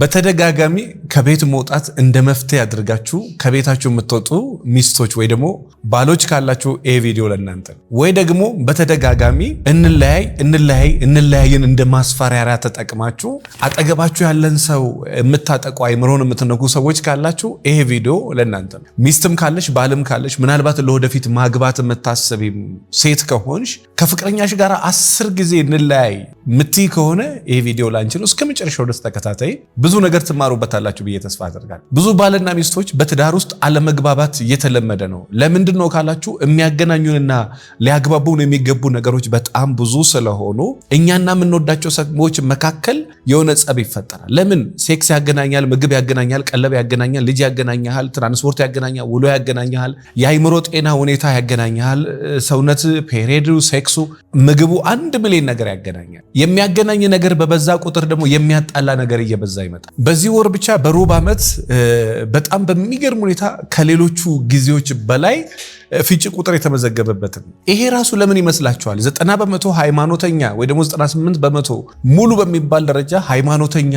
በተደጋጋሚ ከቤት መውጣት እንደ መፍትሄ አድርጋችሁ ከቤታችሁ የምትወጡ ሚስቶች ወይ ደግሞ ባሎች ካላችሁ ይሄ ቪዲዮ ለእናንተ ወይ ደግሞ በተደጋጋሚ እንለያይ እንለያይ እንለያይን እንደ ማስፈራሪያ ተጠቅማችሁ አጠገባችሁ ያለን ሰው የምታጠቁ አይምሮን የምትነኩ ሰዎች ካላችሁ ይሄ ቪዲዮ ለእናንተ ነው። ሚስትም ካለሽ ባልም ካለሽ ምናልባት ለወደፊት ማግባት የምታስቢም ሴት ከሆንሽ ከፍቅረኛሽ ጋር አስር ጊዜ እንለያይ ምትይ ከሆነ ይሄ ቪዲዮ ላንቺ ነው። እስከ መጨረሻው ደስ ተከታታይ ብዙ ነገር ትማሩበታላችሁ። ትችላላችሁ ብዬ ተስፋ አደርጋለሁ። ብዙ ባልና ሚስቶች በትዳር ውስጥ አለመግባባት የተለመደ ነው። ለምንድን ነው ካላችሁ የሚያገናኙንና ሊያግባቡን የሚገቡ ነገሮች በጣም ብዙ ስለሆኑ እኛና የምንወዳቸው ሰዎች መካከል የሆነ ጸብ ይፈጠራል። ለምን? ሴክስ ያገናኛል፣ ምግብ ያገናኛል፣ ቀለብ ያገናኛል፣ ልጅ ያገናኛል፣ ትራንስፖርት ያገናኛል፣ ውሎ ያገናኛል፣ የአይምሮ ጤና ሁኔታ ያገናኛል፣ ሰውነት፣ ፔሬድ፣ ሴክሱ፣ ምግቡ፣ አንድ ሚሊዮን ነገር ያገናኛል። የሚያገናኝ ነገር በበዛ ቁጥር ደግሞ የሚያጣላ ነገር እየበዛ ይመጣል። በዚህ ወር ብቻ በሩብ ዓመት በጣም በሚገርም ሁኔታ ከሌሎቹ ጊዜዎች በላይ ፍንጭ ቁጥር የተመዘገበበት ይሄ ራሱ ለምን ይመስላችኋል? ዘጠና በመቶ ሃይማኖተኛ ወይ ደግሞ 98 በመቶ ሙሉ በሚባል ደረጃ ሃይማኖተኛ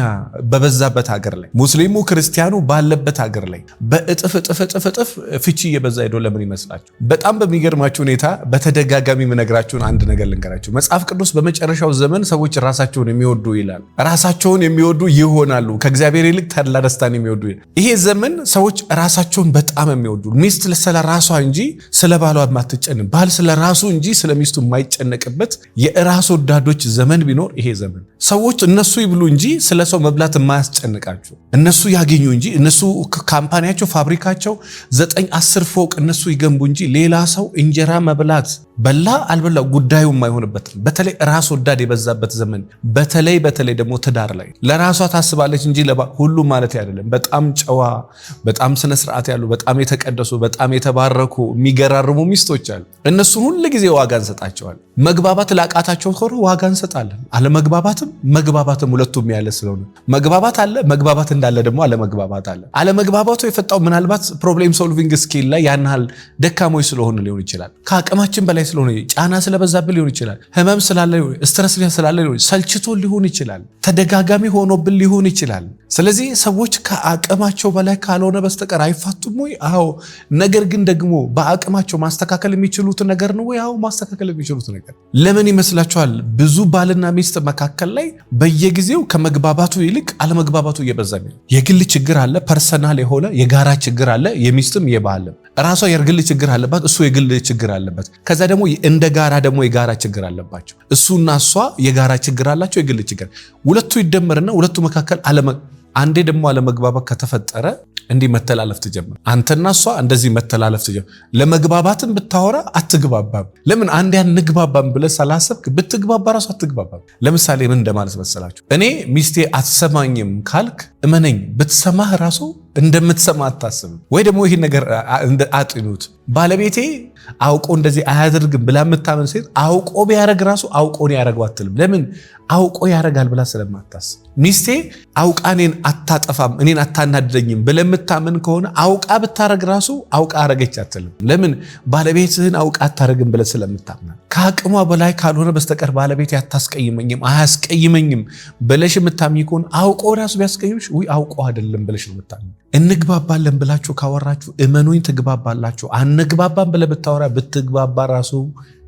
በበዛበት ሀገር ላይ ሙስሊሙ ክርስቲያኑ ባለበት ሀገር ላይ በእጥፍ እጥፍ እጥፍ እጥፍ ፍቺ እየበዛ ሄዶ ለምን ይመስላችሁ? በጣም በሚገርማችሁ ሁኔታ በተደጋጋሚ የምነግራችሁን አንድ ነገር ልንገራችሁ። መጽሐፍ ቅዱስ በመጨረሻው ዘመን ሰዎች ራሳቸውን የሚወዱ ይላል። ራሳቸውን የሚወዱ ይሆናሉ፣ ከእግዚአብሔር ይልቅ ተድላ ደስታን የሚወዱ ይላል። ይሄ ዘመን ሰዎች ራሳቸውን በጣም የሚወዱ ሚስት ለሰላ ራሷ እንጂ ስለ ባሏ የማትጨንም ባል ስለ ራሱ እንጂ ስለ ሚስቱ የማይጨነቅበት የራስ ወዳዶች ዘመን ቢኖር ይሄ ዘመን። ሰዎች እነሱ ይብሉ እንጂ ስለ ሰው መብላት የማያስጨንቃቸው፣ እነሱ ያገኙ እንጂ እነሱ ካምፓኒያቸው ፋብሪካቸው ዘጠኝ አስር ፎቅ እነሱ ይገንቡ እንጂ ሌላ ሰው እንጀራ መብላት በላ አልበላ ጉዳዩ የማይሆንበት በተለይ ራስ ወዳድ የበዛበት ዘመን፣ በተለይ በተለይ ደግሞ ትዳር ላይ ለራሷ ታስባለች እንጂ ሁሉም ማለት አይደለም። በጣም ጨዋ፣ በጣም ስነስርዓት ያሉ፣ በጣም የተቀደሱ፣ በጣም የተባረኩ የሚገራርሙ ሚስቶች አሉ። እነሱን ሁል ጊዜ ዋጋ እንሰጣቸዋል። መግባባት ላቃታቸው ከሆነ ዋጋ እንሰጣለን። አለመግባባትም መግባባትም ሁለቱም ያለ ስለሆነ መግባባት አለ። መግባባት እንዳለ ደግሞ አለመግባባት አለ። አለመግባባቱ የፈጣው ምናልባት ፕሮብሌም ሶልቪንግ ስኪል ላይ ያን ያህል ደካሞች ስለሆኑ ሊሆን ይችላል ከአቅማችን በላይ ላይ ስለሆነ ጫና ስለበዛብን ሊሆን ይችላል። ህመም ስላለ ስትረስ ስላለ ሊሆን ሰልችቶ ሊሆን ይችላል። ተደጋጋሚ ሆኖብን ሊሆን ይችላል። ስለዚህ ሰዎች ከአቅማቸው በላይ ካልሆነ በስተቀር አይፋቱም ወይ? አዎ። ነገር ግን ደግሞ በአቅማቸው ማስተካከል የሚችሉት ነገር ነው ወይ? አዎ፣ ማስተካከል የሚችሉት ነገር። ለምን ይመስላችኋል? ብዙ ባልና ሚስት መካከል ላይ በየጊዜው ከመግባባቱ ይልቅ አለመግባባቱ እየበዛ የግል ችግር አለ፣ ፐርሰናል የሆነ የጋራ ችግር አለ፣ የሚስትም የባልም ራሷ የግል ችግር አለባት፣ እሱ የግል ችግር አለበት። ከዛ ደግሞ እንደ ጋራ ደግሞ የጋራ ችግር አለባቸው። እሱና እሷ የጋራ ችግር አላቸው፣ የግል ችግር። ሁለቱ ይደመርና ሁለቱ መካከል አለመ አንዴ ደግሞ አለመግባባት ከተፈጠረ እንዲህ መተላለፍ ትጀምር። አንተና እሷ እንደዚህ መተላለፍ ትጀምር። ለመግባባትን ብታወራ አትግባባም። ለምን አንድ ያን ንግባባም ብለህ ስላሰብክ ብትግባባ ራሱ አትግባባም። ለምሳሌ ምን እንደማለት መሰላችሁ? እኔ ሚስቴ አትሰማኝም ካልክ እመነኝ፣ ብትሰማህ ራሱ እንደምትሰማ አታስብም። ወይ ደግሞ ይህን ነገር አጥኑት። ባለቤቴ አውቆ እንደዚህ አያደርግም ብላ የምታምን ሴት አውቆ ቢያደርግ ራሱ አውቆን ያደረገው አትልም። ለምን አውቆ ያደርጋል ብላ ስለማታስብ ሚስቴ አውቃ እኔን አታጠፋም እኔን አታናድደኝም ብለምታምን ከሆነ አውቃ ብታረግ ራሱ አውቃ አረገች አትልም። ለምን ባለቤትህን አውቃ አታረግም ብለ ስለምታምና ከአቅሟ በላይ ካልሆነ በስተቀር ባለቤት አታስቀይመኝም አያስቀይመኝም ብለሽ የምታምኝ ከሆነ አውቆ ራሱ ቢያስቀይምሽ ውይ አውቆ አይደለም ብለሽ ነው የምታምኝ። እንግባባለን ብላችሁ ካወራችሁ እመኑኝ ትግባባላችሁ። አንግባባን ብለ ብታወራ ብትግባባ ራሱ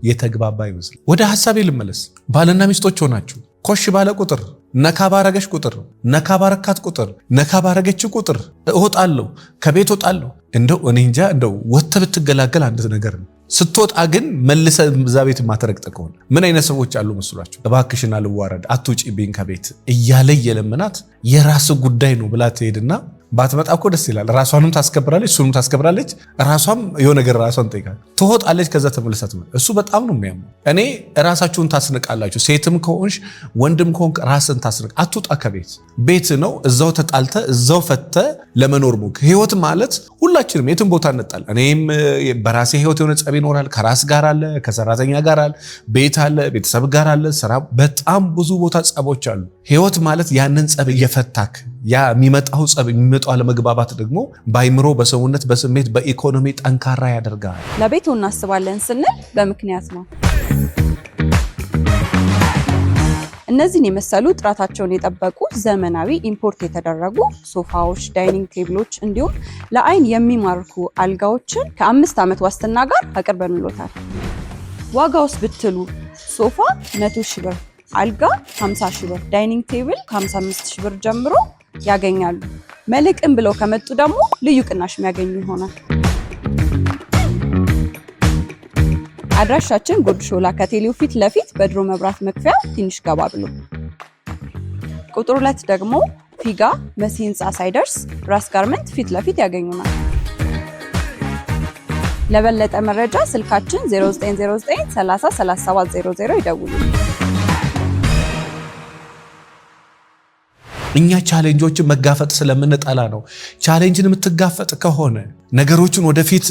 የተግባባ ይመስል ወደ ሀሳቤ ልመለስ። ባልና ሚስቶች ሆናችሁ ኮሽ ባለ ቁጥር ነካ ባረገች ቁጥር ነካ ባረካት ቁጥር ነካ ባረገች ቁጥር እወጣለሁ፣ ከቤት እወጣለሁ። እንደው እኔ እንጃ እንደው ወጥተህ ብትገላገል አንድ ነገር ነው። ስትወጣ ግን መልሰ እዛ ቤት ማተረግጠ ከሆነ ምን አይነት ሰዎች አሉ መስሏቸው? እባክሽን አልዋረድ አትውጪብኝ ከቤት እያለ የለመናት የራስ ጉዳይ ነው ብላ ትሄድና ባትመጣ እኮ ደስ ይላል። ራሷንም ታስከብራለች፣ እሱንም ታስከብራለች። ራሷም የሆነ ነገር ራሷን ጠይቃል፣ ትወጣለች። ከዛ ተመልሳ እሱ በጣም ነው የሚያምሩ። እኔ ራሳችሁን ታስንቃላችሁ። ሴትም ከሆንሽ ወንድም ከሆንክ ራስን ታስንቅ። አትውጣ ከቤት ቤት ነው። እዛው ተጣልተ እዛው ፈተ ለመኖር ሞክ ህይወት ማለት ሁላችንም የትም ቦታ እንጣል። እኔም በራሴ ህይወት የሆነ ጸብ ይኖራል። ከራስ ጋር አለ፣ ከሰራተኛ ጋር አለ፣ ቤት አለ፣ ቤተሰብ ጋር አለ፣ ስራ። በጣም ብዙ ቦታ ጸቦች አሉ። ህይወት ማለት ያንን ጸብ እየፈታክ ያ የሚመጣው ጸብ የሚመጣው አለመግባባት ደግሞ በአይምሮ፣ በሰውነት፣ በስሜት፣ በኢኮኖሚ ጠንካራ ያደርጋል። ለቤቱ እናስባለን ስንል በምክንያት ነው። እነዚህን የመሰሉ ጥራታቸውን የጠበቁ ዘመናዊ ኢምፖርት የተደረጉ ሶፋዎች፣ ዳይኒንግ ቴብሎች እንዲሁም ለአይን የሚማርኩ አልጋዎችን ከአምስት ዓመት ዋስትና ጋር አቅርበንሎታል። ዋጋ ውስጥ ብትሉ ሶፋ 100 ሺ ብር፣ አልጋ 50 ሺ ብር፣ ዳይኒንግ ቴብል ከ55 ሺ ብር ጀምሮ ያገኛሉ። መልሕቅን ብለው ከመጡ ደግሞ ልዩ ቅናሽ የሚያገኙ ይሆናል። አድራሻችን ጉርድ ሾላ ከቴሌው ፊት ለፊት በድሮ መብራት መክፈያ ትንሽ ገባ ብሎ ቁጥር ሁለት ደግሞ ፊጋ መሲ ህንፃ ሳይደርስ ራስ ጋርመንት ፊት ለፊት ያገኙናል። ለበለጠ መረጃ ስልካችን 0909 30 00 ይደውሉ። እኛ ቻሌንጆችን መጋፈጥ ስለምንጠላ ነው። ቻሌንጅን የምትጋፈጥ ከሆነ ነገሮችን ወደፊት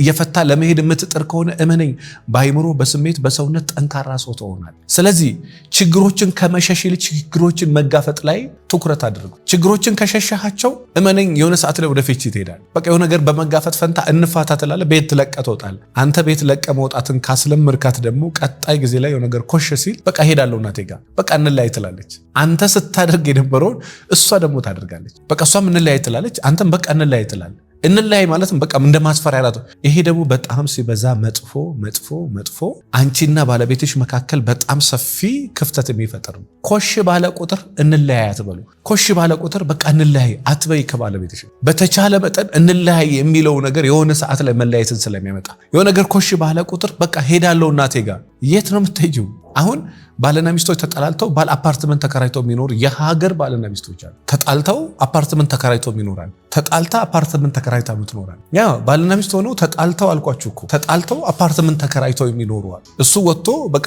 እየፈታ ለመሄድ የምትጥር ከሆነ እመነኝ፣ በአይምሮ በስሜት በሰውነት ጠንካራ ሰው ትሆናል። ስለዚህ ችግሮችን ከመሸሽ ይልቅ ችግሮችን መጋፈጥ ላይ ትኩረት አድርጉ። ችግሮችን ከሸሸሃቸው እመነኝ፣ የሆነ ሰዓት ላይ ወደፊት ይሄዳል። በቃ የሆነ ነገር በመጋፈጥ ፈንታ እንፋታ ትላለህ፣ ቤት ትለቀ ትወጣለህ። አንተ ቤት ለቀ መውጣትን ካስለምርካት ደግሞ ቀጣይ ጊዜ ላይ የሆነ ነገር ኮሽ ሲል በቃ ሄዳለሁ እናቴ ጋር በቃ እንላይ ትላለች። አንተ ስታደርግ የነበረውን እሷ ደግሞ ታደርጋለች። በቃ እሷም እንለያይ ትላለች፣ አንተም በቃ እንለያይ ትላለ እንለያይ ማለትም በቃ እንደ ማስፈራሪያ ያላት። ይሄ ደግሞ በጣም ሲበዛ መጥፎ መጥፎ መጥፎ አንቺና ባለቤትሽ መካከል በጣም ሰፊ ክፍተት የሚፈጥር ነው። ኮሽ ባለ ቁጥር እንለያይ አትበሉ። ኮሽ ባለ ቁጥር በቃ እንለያይ አትበይ ከባለቤትሽ። በተቻለ መጠን እንለያይ የሚለው ነገር የሆነ ሰዓት ላይ መለያየትን ስለሚያመጣ የሆነ ነገር ኮሽ ባለ ቁጥር በቃ ሄዳለው እናቴ ጋር የት ነው የምትሄጂው? አሁን ባልና ሚስቶች ተጠላልተው ባል አፓርትመንት ተከራይተው የሚኖር የሀገር ባልና ሚስቶች አሉ። ተጣልተው አፓርትመንት ተከራይተው ይኖራል። ተጣልታ አፓርትመንት ተከራይታ ምትኖራል። ያ ባልና ሚስት ሆነው ተጣልተው አልኳችሁ እኮ ተጣልተው አፓርትመንት ተከራይተው የሚኖረዋል። እሱ ወጥቶ በቃ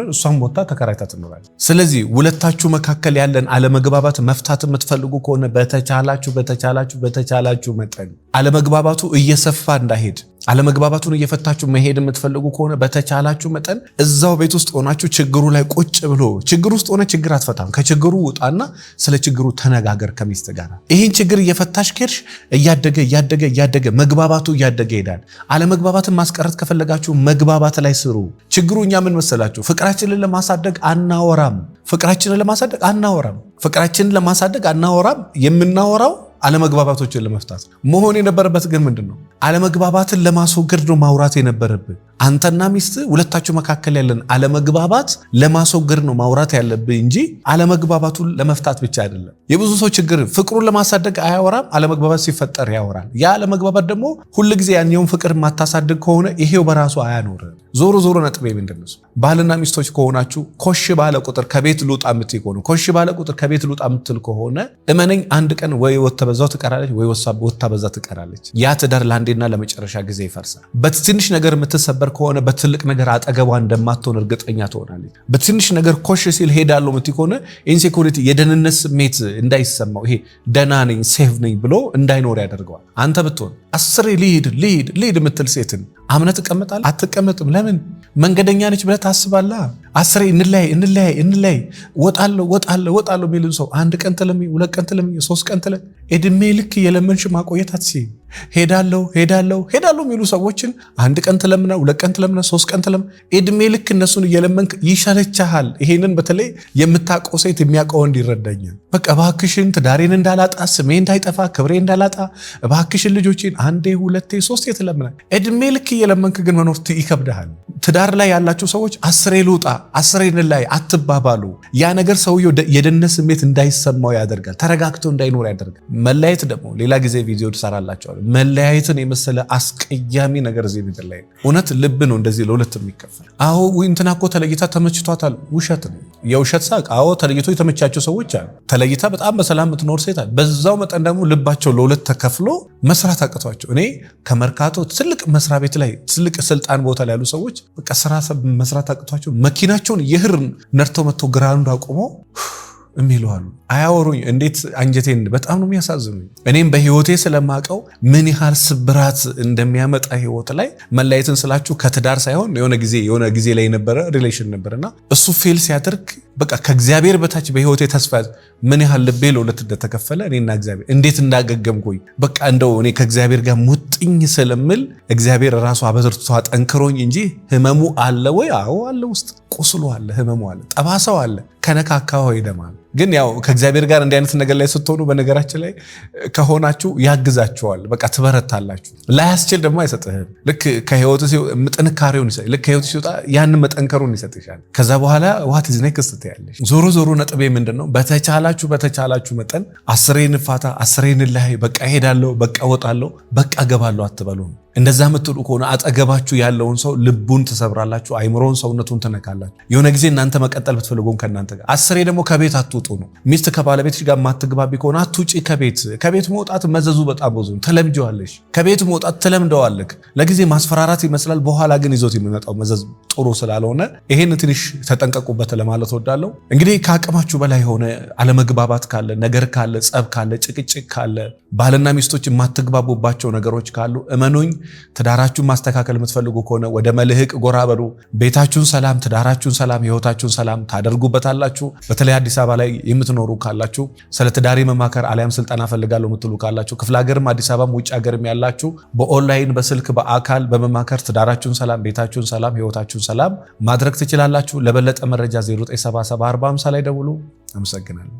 ነን፣ እሷም ወጥታ ተከራይታ ትኖራል። ስለዚህ ሁለታችሁ መካከል ያለን አለመግባባት መፍታት የምትፈልጉ ከሆነ በተቻላችሁ በተቻላችሁ በተቻላችሁ መጠን አለመግባባቱ እየሰፋ እንዳሄድ አለመግባባቱን እየፈታችሁ መሄድ የምትፈልጉ ከሆነ በተቻላችሁ መጠን እዛው ቤት ውስጥ ሆናችሁ ችግሩ ላይ ቁጭ ብሎ ችግር ውስጥ ሆነ ችግር አትፈታም። ከችግሩ ውጣና ስለ ችግሩ ተነጋገር ከሚስት ጋር። ይህን ችግር እየፈታሽ ከሄድሽ እያደገ እያደገ እያደገ መግባባቱ እያደገ ይሄዳል። አለመግባባትን ማስቀረት ከፈለጋችሁ መግባባት ላይ ስሩ። ችግሩ እኛ ምን መሰላችሁ ፍቅራችንን ለማሳደግ አናወራም። ፍቅራችንን ለማሳደግ አናወራም። ፍቅራችንን ለማሳደግ አናወራም። የምናወራው አለመግባባቶችን ለመፍታት መሆን የነበረበት ግን ምንድን ነው? አለመግባባትን ለማስወገድ ነው ማውራት የነበረብን። አንተና ሚስት ሁለታችሁ መካከል ያለን አለመግባባት ለማስወገድ ነው ማውራት ያለብን እንጂ አለመግባባቱን ለመፍታት ብቻ አይደለም። የብዙ ሰው ችግር ፍቅሩን ለማሳደግ አያወራም፣ አለመግባባት ሲፈጠር ያወራል። ያ አለመግባባት ደግሞ ሁልጊዜ ያኛውን ፍቅር የማታሳድግ ከሆነ ይሄው በራሱ አያኖርም። ዞሮ ዞሮ ነጥቤ ምንድን ነው? ባልና ሚስቶች ከሆናችሁ ኮሽ ባለ ቁጥር ከቤት ልውጣ የምትል ከሆነ ኮሽ ባለ ቁጥር ከቤት ልውጣ የምትል ከሆነ እመነኝ አንድ ቀን ወይ ወታ በዛው ትቀራለች፣ ወይ ወታ በዛ ትቀራለች። ያ ትዳር ለአንዴ አንዴና ለመጨረሻ ጊዜ ይፈርሳል። በትንሽ ነገር የምትሰበር ከሆነ በትልቅ ነገር አጠገቧ እንደማትሆን እርግጠኛ ትሆናለች። በትንሽ ነገር ኮሽ ሲል ሄዳለሁ ምት ከሆነ ኢንሴኩሪቲ፣ የደህንነት ስሜት እንዳይሰማው ይሄ ደህና ነኝ ሴፍ ነኝ ብሎ እንዳይኖር ያደርገዋል። አንተ ብትሆን አስሬ ልሂድ ልሂድ ልሂድ የምትል ሴትን አምነት ትቀመጣለህ? አትቀመጥም። ለምን? መንገደኛ ነች ብለህ ታስባለህ። አስሬ እንለያይ እንለያይ እንለያይ ወጣለሁ ወጣለሁ ወጣለሁ የሚልን ሰው አንድ ቀን ትለሚ፣ ሁለት ቀን ትለሚ፣ ሶስት ቀን ትለ እድሜ ልክ የለመንሽ ማቆየት አትሲ ሄዳለሁ ሄዳለሁ ሄዳለሁ የሚሉ ሰዎችን አንድ ቀን ትለምና፣ ሁለት ቀን ትለምና፣ ሶስት ቀን ትለም እድሜ ልክ እነሱን እየለመንክ ይሻለቻሃል። ይሄንን በተለይ የምታውቀው ሴት የሚያውቀው እንዲረዳኛል። በቃ እባክሽን ትዳሬን እንዳላጣ፣ ስሜ እንዳይጠፋ፣ ክብሬ እንዳላጣ እባክሽን ልጆችን አንዴ ሁለቴ ሶስቴ ትለምናል እድሜ ልክ እየለመንክ ግን መኖር ይከብድሃል። ትዳር ላይ ያላችሁ ሰዎች አስሬ ልውጣ አስሬን ላይ አትባባሉ። ያ ነገር ሰውየው የደህንነት ስሜት እንዳይሰማው ያደርጋል፣ ተረጋግቶ እንዳይኖር ያደርጋል። መለያየት ደግሞ ሌላ ጊዜ ቪዲዮ ትሰራላቸዋል። መለያየትን የመሰለ አስቀያሚ ነገር እዚህ ምድር ላይ እውነት ልብ ነው እንደዚህ ለሁለት የሚከፈል። አዎ እንትና እኮ ተለይታ ተመችቷታል። ውሸት ነው፣ የውሸት ሳቅ። አዎ ተለይቶ የተመቻቸው ሰዎች አሉ። ተለይታ በጣም በሰላም የምትኖር ሴት አለ። በዛው መጠን ደግሞ ልባቸው ለሁለት ተከፍሎ መስራት አቅቷቸው እኔ ከመርካቶ ትልቅ መስሪያ ቤት ላይ ትልቅ ስልጣን ቦታ ላይ ያሉ ሰዎች በቃ ስራ መስራት አቅቷቸው መኪናቸውን የህር ነድተው መጥቶ ግራንድ አቁመው የሚሉ አሉ። አያወሩኝ እንዴት አንጀቴን በጣም ነው የሚያሳዝኑኝ። እኔም በህይወቴ ስለማቀው ምን ያህል ስብራት እንደሚያመጣ ህይወት ላይ መለያየትን ስላችሁ ከትዳር ሳይሆን የሆነ ጊዜ የሆነ ጊዜ ላይ የነበረ ሪሌሽን ነበርና እሱ ፌል ሲያደርግ በቃ ከእግዚአብሔር በታች በህይወቴ ተስፋ ምን ያህል ልቤ ለሁለት እንደተከፈለ እኔና እግዚአብሔር እንዴት እንዳገገምኩኝ በቃ እንደው እኔ ከእግዚአብሔር ጋር ሙጥኝ ስለምል እግዚአብሔር ራሱ አበዝርቶ አጠንክሮኝ እንጂ ህመሙ አለ ወይ? አዎ አለ። ውስጥ ቁስሉ አለ፣ ህመሙ አለ፣ ጠባሳው አለ። ከነካካው ይደማል። ግን ያው ከእግዚአብሔር ጋር እንዲህ አይነት ነገር ላይ ስትሆኑ በነገራችን ላይ ከሆናችሁ ያግዛችኋል። በቃ ትበረታላችሁ። ላያስችል ደግሞ አይሰጥህም። ልክ ከህይወቱ ጥንካሬውን ልክ ከህይወቱ ሲወጣ ያንን መጠንከሩን ይሰጥሻል። ከዛ በኋላ ዋት ዝ ኔክስት ትያለሽ። ዞሮ ዞሮ ነጥቤ ምንድን ነው? በተቻላችሁ በተቻላችሁ መጠን አስሬን ፋታ አስሬን ላይ በቃ ሄዳለሁ፣ በቃ ወጣለሁ፣ በቃ ገባለሁ አትበሉ። እንደዛ የምትሉ ከሆነ አጠገባችሁ ያለውን ሰው ልቡን ትሰብራላችሁ፣ አይምሮን ሰውነቱን ትነካላችሁ። የሆነ ጊዜ እናንተ መቀጠል ብትፈልጉም ከእናንተ ጋር አስሬ ደግሞ ከቤት አትውጡ ነው። ሚስት ከባለቤት ጋር ማትግባቢ ከሆነ አትውጪ ከቤት። ከቤት መውጣት መዘዙ በጣም ብዙ ተለምጀዋለሽ። ከቤት መውጣት ትለምደዋለክ። ለጊዜ ማስፈራራት ይመስላል፣ በኋላ ግን ይዞት የሚመጣው መዘዝ ጥሩ ስላልሆነ ይሄን ትንሽ ተጠንቀቁበት ለማለት ወዳለው። እንግዲህ ከአቅማችሁ በላይ የሆነ አለመግባባት ካለ፣ ነገር ካለ፣ ጸብ ካለ፣ ጭቅጭቅ ካለ፣ ባልና ሚስቶች የማትግባቡባቸው ነገሮች ካሉ እመኑኝ ትዳራችሁን ማስተካከል የምትፈልጉ ከሆነ ወደ መልህቅ ጎራ በሉ። ቤታችሁን ሰላም፣ ትዳራችሁን ሰላም፣ ህይወታችሁን ሰላም ታደርጉበታላችሁ። በተለይ አዲስ አበባ ላይ የምትኖሩ ካላችሁ ስለ ትዳሪ መማከር አሊያም ስልጠና ፈልጋለሁ የምትሉ ካላችሁ ክፍለ ሀገርም አዲስ አበባም ውጭ ሀገርም ያላችሁ በኦንላይን በስልክ በአካል በመማከር ትዳራችሁን ሰላም፣ ቤታችሁን ሰላም፣ ህይወታችሁን ሰላም ማድረግ ትችላላችሁ። ለበለጠ መረጃ 0974 ላይ ደውሉ። አመሰግናለሁ።